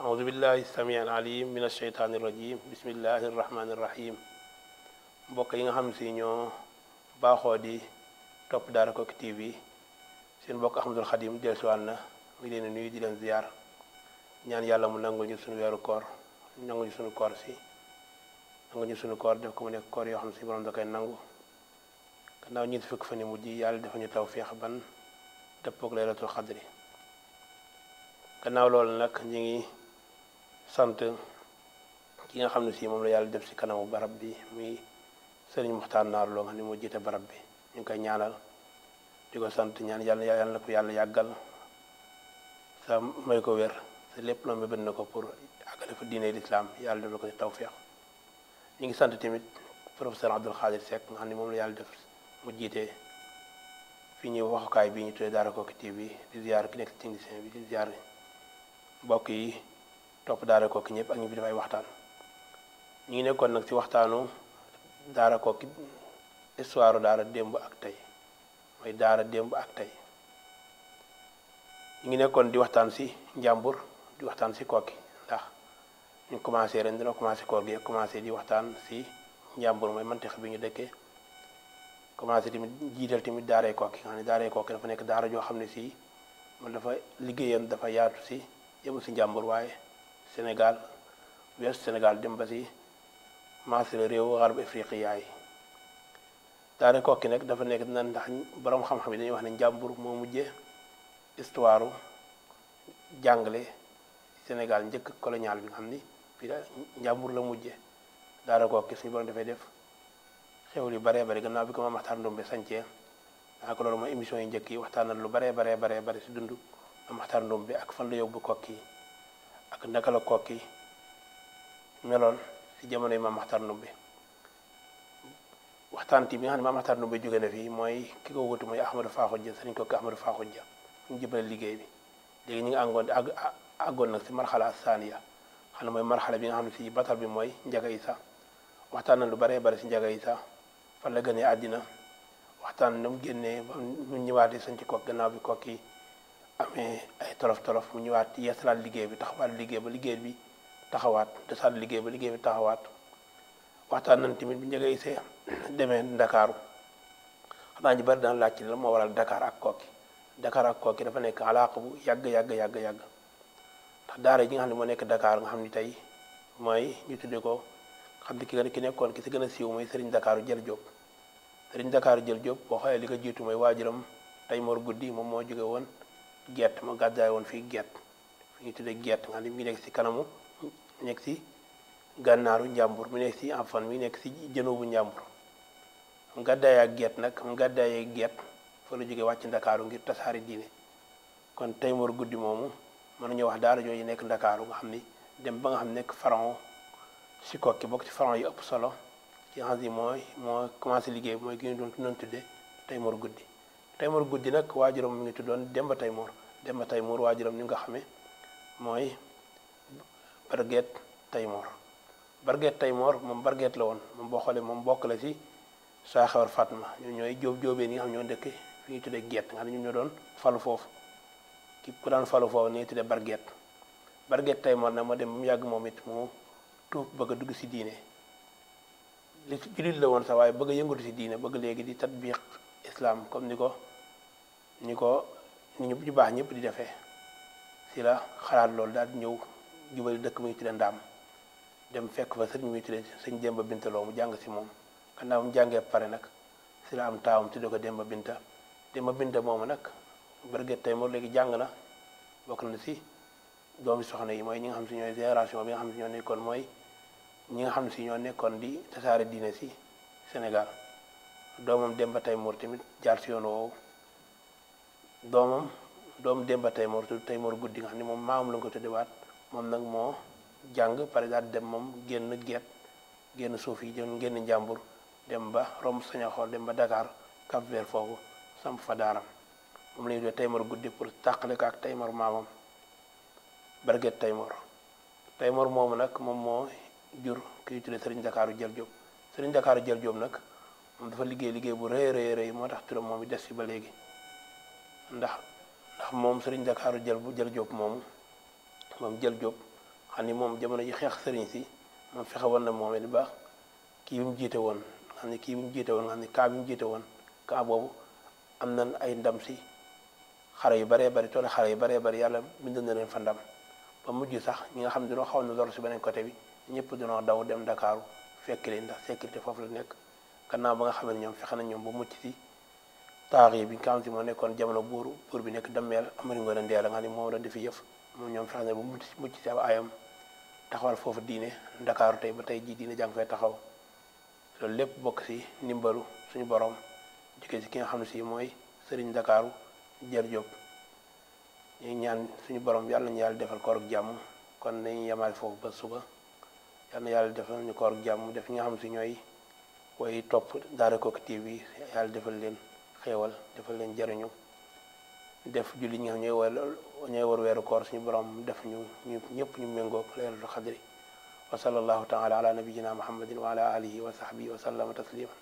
أعوذ بالله السميع العليم من الشيطان الرجيم بسم الله الرحمن الرحيم mbokk yi nga xam si ñoo baaxoo di topp Daara Koki TV seen mbokk Ahmadul Xadim dellusiwaat na mu ngi leen di nuyu di leen ziar ñaan yàlla mu nangu ñu suñu weeru koor nangu ñu suñu koor si nangu ñu suñu koor def ko mu nekk koor yoo xam si borom da koy nangu gannaaw ñeent fukk fan yi mujj yàlla dafa ñu tawféex ban dëppook laylatul xadri gannaaw loolu nag ñu ngi. sant ki nga xam ne si moom la yàlla def ci kanamu barab bi muy sëriñ Muxtaar Naar loo nga xam ne moo jiite barab bi ñu ngi koy ñaanal di ko sant ñaan yàlla yàlla na ko yàlla yàggal sa may ko lépp loo mébét na ko pour àggale fa diine yàlla def la ko si tawféex ñu ngi sant tamit professeur Abdul Xaadir Seck nga xam ne moom la yàlla def mu jiite fi ñuy waxukaay bi ñu tuddee Daara Koki TV di ki nekk technicien bi di ziar topp daara kooki ñëpp ak ñu fi def waxtaan ñu ngi nekkoon nag si waxtaanu daara kooki histoire daara démb ak tey mooy daara démb ak tey ñu ngi nekkoon di waxtaan si njàmbur di waxtaan si kooki ndax ñu commencé ren dina commencé koor gi commencé di waxtaan si njàmbur mooy mantex bi ñu dëkkee commencé tamit jiital tamit daaree kooki nga xam ne daaree kooki dafa nekk daara joo xam ne ci man dafa liggéeyam dafa yaatu si yëmu si njàmbur waaye Sénégal weesu Sénégal dem ba si maasale réewu xarbu afriqiya kokki nag dafa nekk na ndax borom xam dañuy wax ne njàmbur moo mujjee histoire jàngale Sénégal njëkk colonial bi nga la njàmbur la mujje daara kokki suñu borom dafay def xew li baree bari gannaaw bi ko ma Maxtaar Ndumbe sancee naa ko loolu mooy émission yi njëkk yi waxtaan lu baree baree baree bari si dund ma Maxtaar Ndumbe ak fan la yóbbu kokki yi ak naka la kokki meloon ci jamono yi maam Maxtaar Ndumbe waxtaan ti bi nga xam ne maam Maxtaar Ndumbe jóge na fii mooy ki ko wutu mooy Ahmadou Faxuja sëriñ ko Ahmadou Faxuja ñu jëbale liggéey bi léegi ñu ngi àggoon àggoon nag si marxala saaniya xam ne mooy marxala bi nga xam ne si batal bi mooy Njaga sax waxtaan na lu baree bari si Njaga sax fan la gënee àddina waxtaan na mu génnee ba mu ñëwaatee sañ ci kook gannaaw bi kokki amee ay tolof tolof mu ñëwaat yeesalaat liggéey bi taxawaat liggéey ba liggéey bi taxawaat desaat liggéey ba liggéey bi taxawaat waxtaan nañ tamit bi njëkk a demee Ndakaaru xanaa ñu bari daan laaj ci lan moo waral Dakar ak Koki Dakar ak Koki dafa nekk alaaq bu yàgg yàgg yàgg yàgg ndax daara ji nga xam ne moo nekk Dakar nga xam ni tey mooy ñu tuddee ko xam ne ki nekkoon ki si gën a siiw mooy sëriñ ndakaaru Jël Jóob Serigne Dakaaru Jël Jóob boo xoolee li ko jiitu mooy waajuram tey Mor Guddi moom moo jóge woon. gett ma gàddaay woon fii gett fi ñu tuddee gett nga xam ne nekk ci kanamu nekk si gànnaaru njàmbur mu nekk si enfant mi nekk si bu njàmbur mu gàddaay ak gett nag mu gàddaayee gett fa la jógee wàcc ndakaaru ngir tasaari diine kon Taymor guddi moomu mën nañu wax daara jooju nekk ndakaaru nga xam ni dem ba nga xam nekk pharaon si kokki bokk ci pharaon yi ëpp solo ci nga xam ni mooy moo commencé liggéey bi mooy ki ñu doon tuddee Taymor guddi Taymoor guddi nag waajuram mi ngi tuddoon Demba Taymoor Demba Taymoor waajuram ni nga xamee mooy Barget Taymoor Barget Taymoor moom Barget la woon moom boo xoolee moom bokk la ci Saaxewar Fatma ñu ñooy jóob jóobee ñi nga xam ñoo dëkk fi ñuy tuddee Geet nga xam ne ñu ñoo doon falu foofu ki ku daan falu foofu ni tuddee Barget Barget Taymoor nag ma dem ba mu yàgg moom it mu tuub bëgg a dugg ci diine li jullit la woon sax waaye bëgg a yëngatu ci diine bëgg léegi di tatbiq islam comme ni ko. ni ko ni ñu ñu baax ñëpp di defee si la xalaat loolu daal di ñëw jubali dëkk muy tudde ndaam dem fekk fa sëñ muy tudde sëñ Demba Binta loo mu jàng si moom gannaaw mu jàngee pare nag si la am taawam tudde ko Demba Binta Demba Binta moomu nag bërgët tey moom léegi jàng na bokk na si doomi soxna yi mooy ñi nga xam si ñooy génération bi nga xam si ñoo nekkoon mooy ñi nga xam si ñoo nekkoon di tasaare diine si Sénégal doomam Demba Taimour tamit jaar si yoon woowu doomam doom Demba Taymor tudd Taymor guddi nga xam ne moom maamam la nga ko tuddewaat moom nag moo jàng pare daal dem moom génn geet génn suuf yi dem génn njàmbur dem ba romb Sañaxoor dem ba Dakar Cap Vert foofu fa daaram moom la ñuy tuddee Taymor guddi pour tàqale ko ak Taymor maamam Barget Taymor moomu nag moom moo jur kii tuddee Serigne Ndakaaru Jël Jóob Serigne Ndakaaru Jël Jóob nag moom dafa liggéey liggéey bu rëy rëy rëy moo tax turam moom it des fi ba léegi ndax ndax moom sëriñ Ndakaaru jël bu jël Jóob moomu moom jël Jóob xam ni moom jamono ji xeex sëriñ si moom fexe woon na moomee lu ba kii bi mu jiite woon nga xam ne kii bi mu jiite woon nga xam kaa bi mu woon kaa boobu am nañ ay ndam si xare yu baree bari tool xare yu bare bari yàlla bind na leen fa ndam ba mujj sax ñi nga xam ne dañoo xaw na lor si beneen côté bi ñëpp dañoo daw dem Ndakaaru fekk leen ndax sécurité foofu la nekk gannaaw ba nga xam ne ñoom fexe na ñoom ba mucc si taax yi bi nga si moo nekkoon jamono buuru buur bi nekk dammeel amari ngoon a ndeel nga xam ne moom la defi yëf moom ñoom fexe na ba mucc mucc ci ab ayam taxawal foofu diine ndakaaru tey ba tey jii diine jàng fee taxaw loolu lépp bokk si ndimbalu suñu borom jóge si ki nga xam ne si mooy sëriñ ndakaaru jër Jóob ñuy ñaan suñu borom yàlla nañu yàlla defal koor jàmm kon nañu yemaale foofu ba suba yàlla na yàlla defal ñu koor ak jàmm def ñi xam si ñooy way topp Daara Koki TV yàlla defal leen xéewal defal leen jariñu def julli ñi nga xam ñooy war ñooy war weeru koor suñu borom def ñu ñu ñëpp ñu méngoog laylatul xadri wa sallallahu taala ala nabiyina muhammadin wa ala alihi wa sahbihi wa sallama tasliman